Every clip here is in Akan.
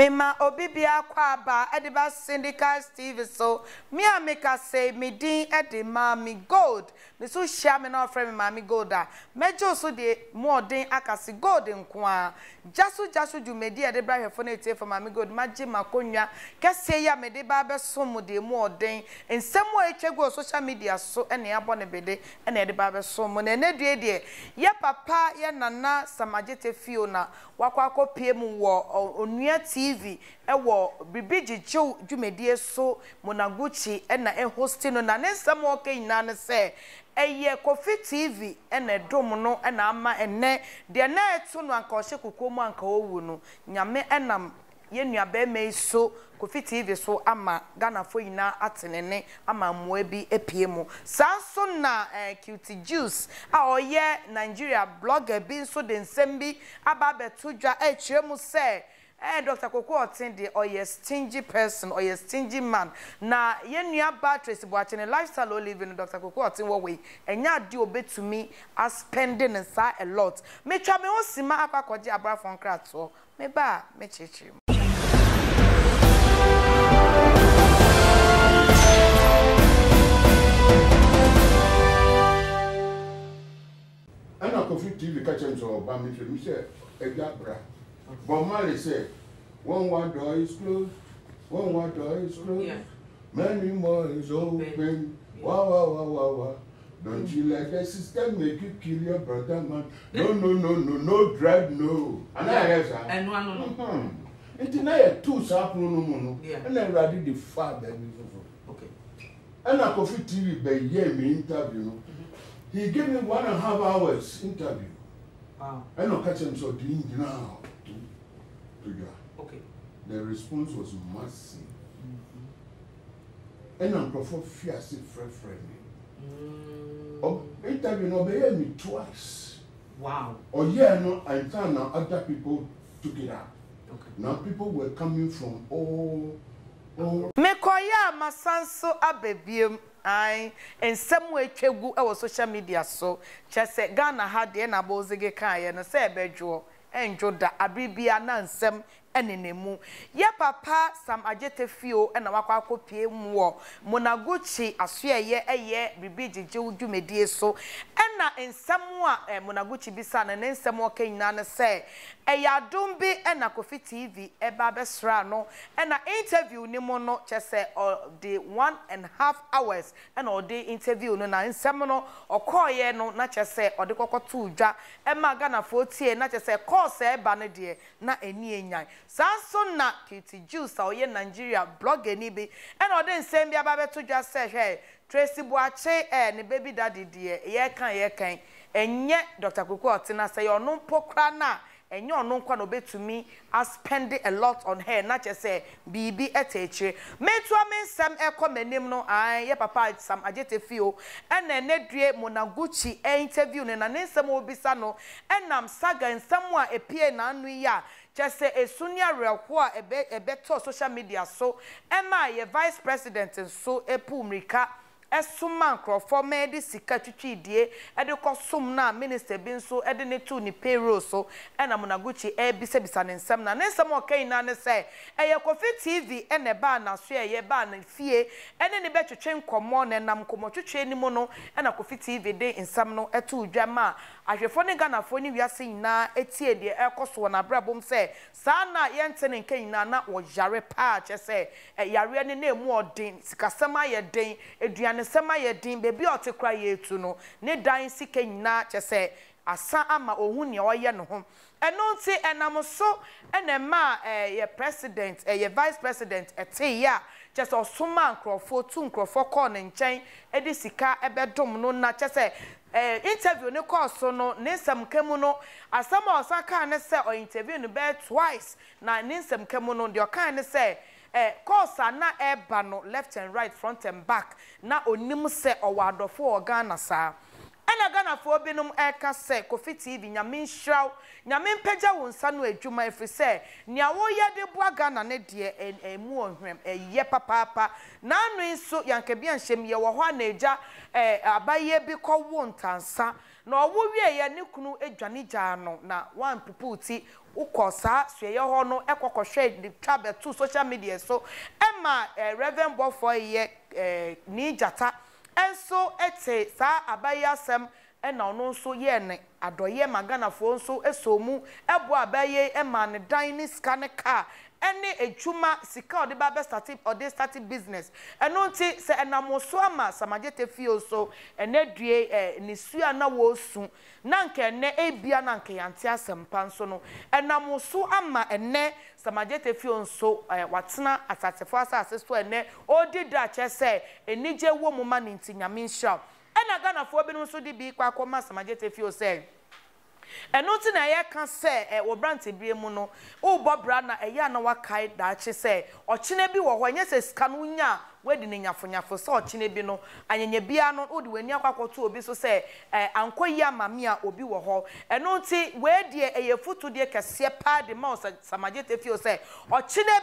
mema obi bia kɔ aba ɛde ba syndicat tv so me a meka sɛ me din ɛde maa me gold ne so hyia me na ɔfrɛ me maame gold a mɛgye so deɛ mu ɔden akasi gold nko jasu jasu gyaso dwumadi a yɛde bra hwɛfo na etie fa maame gold magye makonnwa kɛseɛ ya a mɛde ba abɛso mu deɛ mu ɔden nsɛm a etwa gu social media so ɛna ɛabɔ ne bede ɛna yɛde ba abɛso mu e na ɛnɛ due deɛ yɛ papa yɛ nana samagyete fio na wakɔ akɔpie mu wɔ onua tv ɛwɔ biribi gyegyew dwumadie so monaguchi ɛna ɛhosti no na ne nsɛm a ɔka nyinaa no sɛ ɛyɛ kofi tv ɛna ɛdom no ɛna ama ɛnɛ deɛ na ɛto no anka ɔhyɛ kukuo mu anka ɔwu no nyame ɛnam yɛn nua bɛrima yi so kofi tv so ama ghanafoɔ nyinaa atenene ama mmoa bi apue mu saa nso na eh, qt juice a ɔyɛ nigeria blogger bi nso de nsɛm bi aba abɛto dwa ɛkyerɛ mu sɛ eh, Dr. Koko Otinde ɔyɛ stingy person ɔyɛ stingy man na yɛn nua ba Tracy Boakye lifestyle olive no Dr. Koko Otinde wɔ wei ɛnya adi obetumi aspende ne nsa a lot metwa me ho sima akɔ akɔgye abrafo nkratoɔ meba a mekyerɛkyerɛ mu. ɛna kofi tv ka kyerɛ me sɛ ɔba me bra But Mary said, one wide door is closed, one wide door is closed, yeah. many more is open. Yeah. Wow, wow, wow, wow, wow. Don't you let the system make you kill your brother, man? No, no, no, no, no drug, no. And yeah. I hear that. And one, mm-hmm. no, no. Mm-hmm. Nti na yɛ tu saa pono no mu no, ɛna awurade de fa baabi foforɔ. Ɛna Kofi TV bɛyɛ mi interview no, mm-hmm. he gave me one and a half hours interview. I ɔka catch him so ɔde nyinaa to todwa the response was massive ɛna mm-hmm. nkurɔfoɔ fi ase frɛfrɛ me mm. interview no ɔbɛyɛ me twice Wow. Oh ɔyɛɛ no antan now other people took it up okay. now people were coming from all. all... mekɔyɛ a masanso abebiem. ayiesewechegwu awa social media so chese gana hade na gbaozi gi kainsbeju enjudbibiana sem ɛnene mu yɛ papa sam agyete fio ɛna wakɔ akɔpie mu wɔ monaguchi asoɛyɛ ɛyɛ biribi gyegyew dwumadie so ɛna nsɛm a eh, monaguchi bi sa na ne nsɛm a ɔka nyinaa no bi ɛna kofi tv ɛba abɛsra no ɛna interview ne mu no kyɛ sɛ ɔde one and half hours ɛna ɔde interview no na nsɛm no ɔkɔɔyɛ no na kyɛ sɛ ɔde kɔkɔtoo dwa ɛma gana tie na kyɛ sɛ kɔɔsɛ ɛba no deɛ na ɛni enyan samson na kiti juice a ɔyɛ nigeria blogger ni bi ɛna ɔde nsɛm bi aba abɛto dwa sɛ hwɛ tracy buakye ɛɛ ne baby daddy dr koko ɔtena na ɛnyɛ na obetumi aspend a lot on her na kyerɛ sɛ biribi ɛtɛ me no papa sam agyete monaguchi ne nsɛm a kyɛ sɛ esu ne awerɛhoɔ a ɛbɛtɔ social media so ɛma yɛ vice president nso epu mmirika ɛsoma nkurɔfoɔ ma ɛde sika twitwidie ɛde kɔ som no a minister bi nso ɛde ne to ne payroll so ɛna monagokyi ɛbisabisa ne nsɛm na ne nsɛm a ɔka nyinaa ne sɛ ɛyɛ kofi tv ɛna ɛbaa n'aso ɛyɛ ɛbaa ne fie ɛne ne bɛtwetwe nkɔmmɔ na ɛnam nkɔmmɔtwetwe no mu no ɛna kofi tv de nsɛm no ɛto dwa ma a ahwɛfoɔ ne ghanafoɔ ne wiase nyinaa ɛtie deɛ ɛkɔ so wɔ n'abrabom sɛ saa na yɛnte ne nka nyinaa na wɔyare paa kyɛ sɛ ɛyareɛ ne na ɛmu ɔden sikasɛm ayɛ den aduane ne sɛm ayɛ den beebi a ɔte kora yɛ etu no ne dan sika nyinaa kyɛ sɛ asa ama ohun nea ɔyɛ ne ho ɛno nti ɛnam so ɛna mmaa ɛyɛ president ɛyɛ vice president ɛte yɛ a kyɛ sɛ ɔsoma nkurɔfoɔ tu nkurɔfoɔ kɔɔ ne nkyɛn ɛde sika ɛbɛdom no na kyɛ sɛ ɛɛ interview ne kɔɔ so no ne nsɛmka mu no asɛm a ɔsan kaa ne sɛ ɔyɛ interview no bɛyɛ twice na ne nsɛmka mu no deɛ ɔkaa ne sɛ. course a na ɛba no left and right front and back na onim sɛ ɔwɔ adɔfo wɔ ghana saa ɛna ghanafoɔ binom ɛka sɛ kofi tv nyame nhyiraw nyame mpagya wo nsa no adwuma ɛfiri sɛ nea woyɛ de boa ghana ne deɛ ɛmu wɔ hwɛm ɛyɛ papaapa naano yi nso yankabi anhyɛm yɛ wɔ hɔ a n'agya ɛɛ abayeɛ bi kɔwo ntansa na ɔwo wie yɛ ne kunu adwane gyaa no na wampepu ti wokɔ saa sueyɛ hɔ no ɛkɔkɔhwɛ ne twa bɛto social media so ɛma ɛɛ eh, reverend bɔfoɔ yɛ ɛɛ eh, ne gyata ɛnso ɛte saa abayi asɛm ɛna ɔno nso yie ne adɔyɛ ma ghanafoɔ nso ɛsɔ mu ɛboa abayi ɛma ne dan ne sika ne kaa ɛne edwuma sika ɔde ba bɛ start ɔde start business ɛno nti sɛ ɛnam so ama samagyete fie so ɛnɛ due ɛɛ ne eh, su a na wɔresu na nka ɛnɛ ebia na nka yante asɛmpa nso no ɛnam so ama ɛnɛ samagyete fie nso ɛɛ eh, watena asasefo asase so ɛnɛ ɔredi da kyɛ sɛ enigye wɔ mu ma ne nti nyame ɛna ghanafoɔ binom nso de bi kɔ akɔma samagyete fie sɛ. ɛno nti na yɛka sɛ ɛwɔ branteɛ mu no wobɔ bra na ɛyɛ ana wakae daakye sɛ ɔkyena bi wɔ hɔ ɛnyɛ sɛ sika no wonya a wadi ne nyafonyafo sɛ ɔkyena bi no anyanya bia no wode w'ani akɔakɔto obi so sɛ ankɔ yi amame a obi wɔ hɔ ɛno nti weideɛ ɛyɛ foto deɛ kɛseɛ paa de ma ɔ samagyete fio sɛ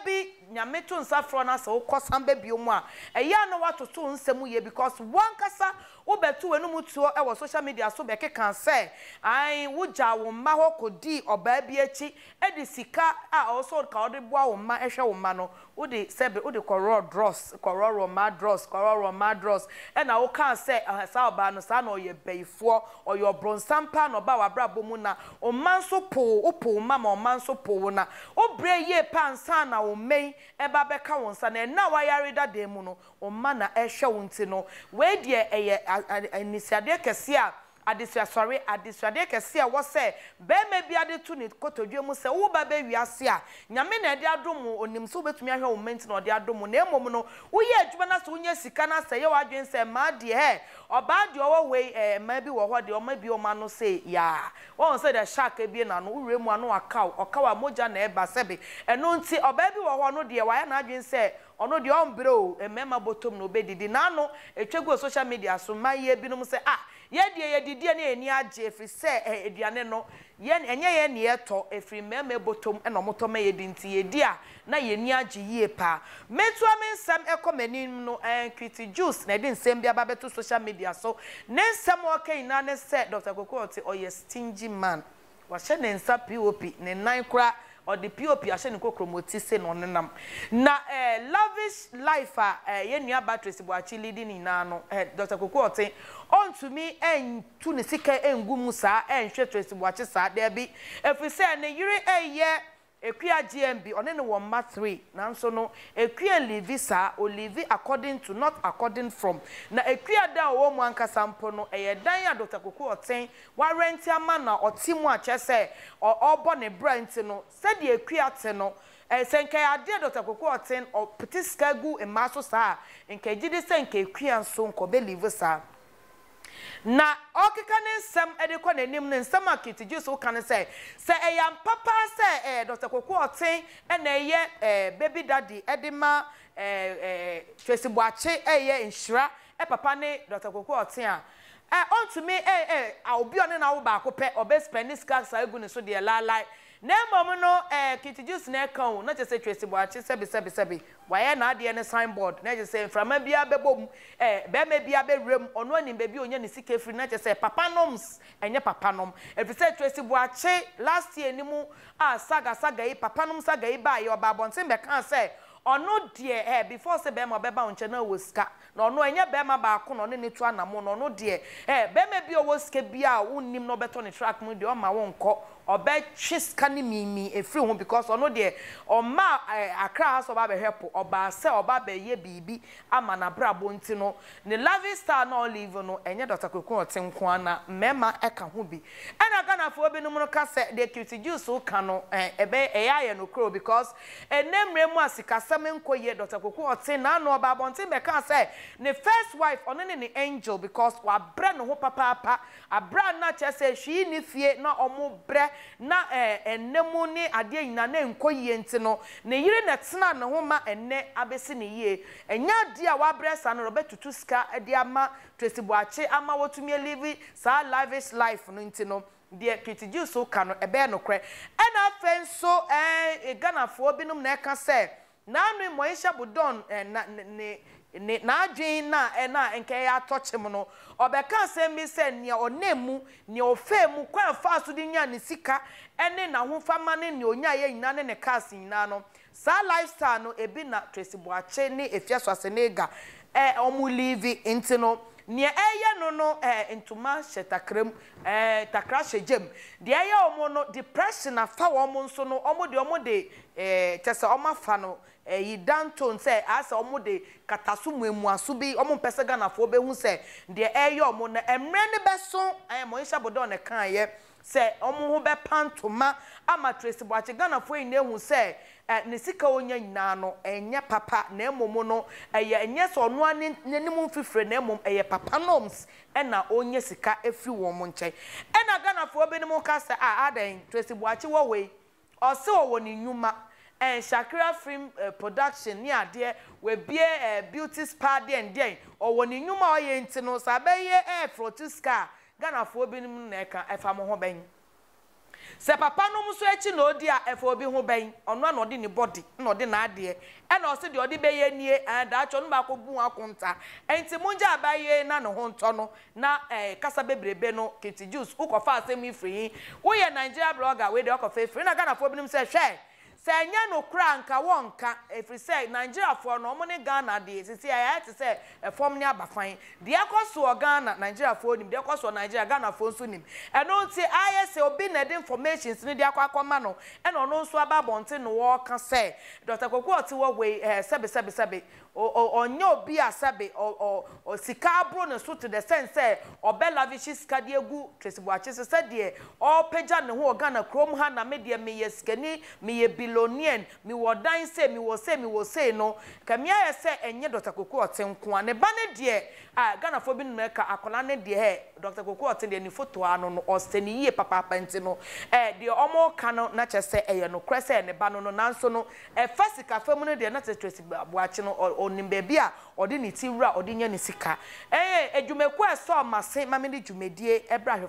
bi nyame to nsa na no sɛ wokɔsan bɛbio mu a ɛyɛ a na woatoto wo nsɛm yɛ because wankasa wobɛto w'anomu tuo wɔ social media so bɛkeka sɛ ae wogya wo mma hɔ kɔdii ɔbaa bi akyi de sika a ɔwɔ ka wode boa wo mma hwɛ wo mma no wode sɛbe wode kɔrɔ dros kɔrɔrɔ mma dros kɔrɔrɔ mma dros ɛna wokaa sɛ saa ɔbaa no saa na ɔyɛ bɛyifoɔ ɔyɛ ɔbronsam paa na ɔba w'abrabɔ mu na ɔma nso po wo po wo mma ma ɔma nso po wo na wobrɛ yie paa nsa na wo mmɛn eba bɛka wɔn sa na ɛna wayare de mu no wɔn mma na ehwe wɔn ti no wei deɛ ɛyɛ anisadeɛ a. adesuasɔre adesuadeɛ kɛseɛ a wɔsɛ bɛrima bi ade to ne kotodwe mu sɛ woba bɛ wiase a nyame na ɛde adom onim so wobɛtumi ahwɛ wo mɛnti na ɔde adom na mmom no woyɛ adwuma na sɛ wonya sika na sɛ ye w'adwene sɛ ma deɛ ɛ ɔbaa deɛ ɔwɔ wei ɛɛ eh, mmaa bi wɔ hɔ deɛ ɔma bi ɔma no sɛ yaa wɔn sɛ deɛ shark ebie n'ano wura mu ano akaw ɔkaw a mogya na eba sebe ɛno nti ɔbaa bi wɔ hɔ no deɛ wayɛ n'adwene sɛ ɔno deɛ ɔmbrɛ o e mmarima bɔtɔm na obɛdidi n'ano etwa gu social media so mmayewa binom sɛ ah yɛdeɛ yɛdidie ne yɛni agye efiri sɛ aduane e, e no yɛn ɛnyɛ yɛn ne yɛtɔ efiri mmarima bɔtɔm ɛna ɔmo tɔm yɛdi nti yɛdi a na yɛni agye yie paa mmetua me nsɛm ɛkɔ m'anim no ɛn juice na yɛde nsɛm bi aba bɛto social media so ne nsɛm ɔka nyinaa ne sɛ dr koko ɔte ɔyɛ stingy man wahyɛ ne nsa pop ne nan koraa ɔde pop ahyɛ ne kokromoti se na ɔnenam na ɛɛ eh, lavish life a ɛɛ eh, yɛn nua batteries buakye lidi ne nyinaa no ɛɛ eh, dr koko ɔte ɔntumi ɛntu ne sika ɛngu mu saa ɛnhwɛ tracy buakye saa dɛbi efisɛ ne yere ɛyɛ ekua gmb ɔne ne wɔ mma three nanso no ekua livi saa olivi according to not according from na ekua da a ɔwɔ mu ankasa mpo no ɛyɛ dan a dr koko ɔten warɛnti ama na ɔte mu akyɛ sɛ ɔbɔ ne brɛnti no sɛdeɛ ekua te no ɛsɛ nkɛyɛ adeɛ dr koko ɔten ɔpete sika gu mmaa so saa nkɛgye de sɛ nkɛkua nso nkɔbɛ livi saa. na ọkịka ne nsɛm ɛde kɔ n'anim ne nsɛm a ketigi so ka ne sɛ sɛ ɛyɛ mpapa sɛ ɛɛ e, koko ɔten e na ɛyɛ ɛɛ e, baby daddy ɛde ma ɛɛ ɛɛ twesibuakye ɛyɛ nhyira ɛpapa ne dɔkta koko ɔten a ɛɛ ɔntumi ɛɛ ɛɛ a obi a ɔne na awo baako pɛ ɔbɛ spɛn ne sika saa egu ne so deɛ laalae. na mmom no ɛɛ eh, kitijus na ɛka o na kyerɛ sɛ twesi buakye sɛbisɛbisɛbi wayɛ n'adeɛ ne signboard na kyerɛ sɛ mframa bi abɛbɔ mu ɛɛ eh, bɛrima bi abɛwura mu ɔno anim baabi onye ne sika efiri na kyerɛ sɛ papa noms ɛnyɛ papa nom efisɛ twesi buakye last year ni mu a saga saga yi papa nom saga yi baa yɛ ɔba abɔnten bɛka se ɔno deɛ ɛɛ eh, before sɛ bɛrima ɔbɛba wɔn nkyɛn na ɔwɔ sika na ɔno ɛnyɛ bɛrima baako na ɔne ne to anamo na ɔno deɛ ɛɛ bɛrima bi ɔwɔ sika bi a wɔnnim na ɔbɛtɔ ne track mu deɛ ɔma wɔn kɔ ɔbɛtwe sika mimi efiri ho because ɔno deɛ ọma eh, akra ha sɛ ɔba ọba po ọba biribi ama n'abrabɔ nti no nọ na dɔkta koko ọtị nko mmarima ka ho ɛna juice ka no ɛbɛ ɛyɛ ayɛ no kuro mu a sikasɛm dɔkta koko ɔte n'ano ɔba abɔnten bɛka sɛ ne first wife ne ne angel sɛ hwii na ɛnɛ eh, mu ne nyina nyinaa na nkɔ yie nti no ne yere na tena ne ho ma ɛnɛ abɛsi ne yie ɛnyɛ adeɛ a wabrɛ saa no ɔbɛtutu sika de ama tracy buakye ama wɔtumi alivi saa lavish life no nti no deɛ kiti so ka no ɛbɛyɛ nokorɛ ɛna afei nso ɛɛ eh, ghanafoɔ binom na ɛka sɛ naanu mmɔnhyɛ bodɔn ɛɛ na ne. ne n'adwen na ɛna nka ɛyɛ atɔkyem no ɔbɛka asɛm bi sɛ nea ɔnam mu nea ɔfɛ mu kwan fa so de nya ne sika ɛne n'ahofama ne nea onyaeɛ nyinaa ne ne cars nyinaa no saa lifestyle no ebi na tracy buakye ne efia so asenega eh, livi liivi nti no nea ɛyɛ no no ɛɛ ntoma hyɛ takra mu ɛɛ takra hyɛ gyam deɛ ɛyɛ ɔmo no depression afa wɔn nso no ɔmo de ɔmo de ɛɛ kyɛ sɛ ɔmo afa no ɛyi danton sɛ asɛ ɔmo de kataso muamuaso bi ɔmo mpɛ sɛ ghanafoɔ bɛhu sɛ deɛ ɛyɛ ɔmo no mmerɛ no bɛso ɛɛ mɔnhyɛ bɔdɔɔ ne kan yɛ. sɛ ɔmo ho bɛpa ntoma ama tracy buakye ghanafoɔ nyinaa ehu sɛ ɛ ne sika onya nyinaa no ɛnyɛ papa na mmom no ɛyɛ ɛnyɛ sɛ ɔnoa ne n'anim mfifire na mmom ɛyɛ papa norms ɛna onya sika efi wɔn nkyɛn ɛna bi binom ka sɛ a adan tracy buakye wɔ wei ɔsi ɔwɔ ne nyuma and Shakira film uh, production ni adeɛ webie uh, beauty spa deɛ ndeɛ ɔwɔ ne nyuma ɔyɛ nti no sɛ abɛyɛ air ghanafoɔ binom na ɛka ɛfa mo ho bɛn sɛ papa nom na odi a ɛfa obi ho bɛn ɔno na ɔde ne bɔdi na ɔde n'adeɛ ɛna ɔsi deɛ ɔde bɛyɛ nie ɛn daatwa no baako bu nta. na ne ho ntɔ no na ɛɛ kasa bebrebe no kete juice wokɔfa asɛm yi firi yi woyɛ nigeria blogger wei deɛ ɔkɔfa efiri na ghanafoɔ binom sɛ hwɛ sɛ ɛnyɛ nokora anka wɔnka ɛfiri sɛ nigeriafoɔ no ɔmo ne ghana deɛ sisi ɛyɛ te sɛ ɛfɔm ne abafan deɛ ɛkɔ soɔ ghana nigeriafoɔ nim deɛ soɔ nigeria ghanafoɔ nso nim ɛno ayɛ sɛ obi na ɛde informations ne deɛ akɔ akɔma no ɛna nso aba abɔnten na wɔɔka sɛ dr koko ɔte wɔ wei ɛɛ sɛbi sɛbi obi a sɛbi ɔ ɔ sika aburo ne so sɛ ɔbɛ lavishi sika de millionaire mewɔ dan se mewɔ se mewɔ se no kàmi ayɛ sɛ ɛnyɛ dr koko ɔte nko a ne ba ne deɛ a ghanafoɔ bi nnum ɛka akwadaa ne deɛ dr koko ɔte deɛ ne foto ano no ɔsɛ ne yie papaapa nti no ɛɛ deɛ wɔn ka no na kyerɛ sɛ ɛyɛ no korɛ sɛ ne ba no no nanso no ɛfa sika fam no deɛ na kyerɛ tracy buakye no ɔnim beebi a ɔde ne ti wura ɔde nyɛ ne sika ɛɛ edwumakuo ɛsɔ ɔmase maame ne dwumadie ɛbrɛ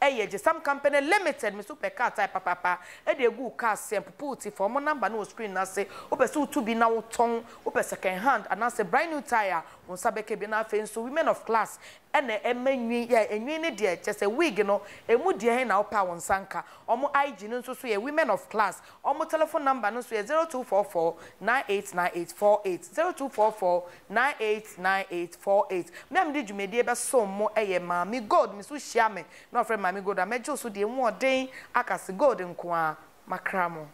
ɛyɛ gyesam company limited me so pɛ kaa tae papapa ɛde egu kaa sɛm pupu ti fa ɔmo namba no wɔ screen n'ase wopɛ sɛ wotu bi na wotɔn wopɛ second hand anaasɛ brand new tire wɔn nsa bɛka bi na afei women of class ɛna ɛma nwi yɛ nwi ne deɛ kyɛ sɛ wig e, no emu deɛ ɛna ɔpa wɔn nsa nka ɔmo ig no nso so yɛ women of class ɔmo telephone number no so yɛ zero two four four nine eight nine eight four eight zero two four four nine eight nine eight four eight mɛm de dwumadie bɛ so mo ɛyɛ e, maame gold mi so hyia mi na ɔfrɛ ma maame gold a mɛgye so deɛ mu ɔden akasi gold nko a makra mo.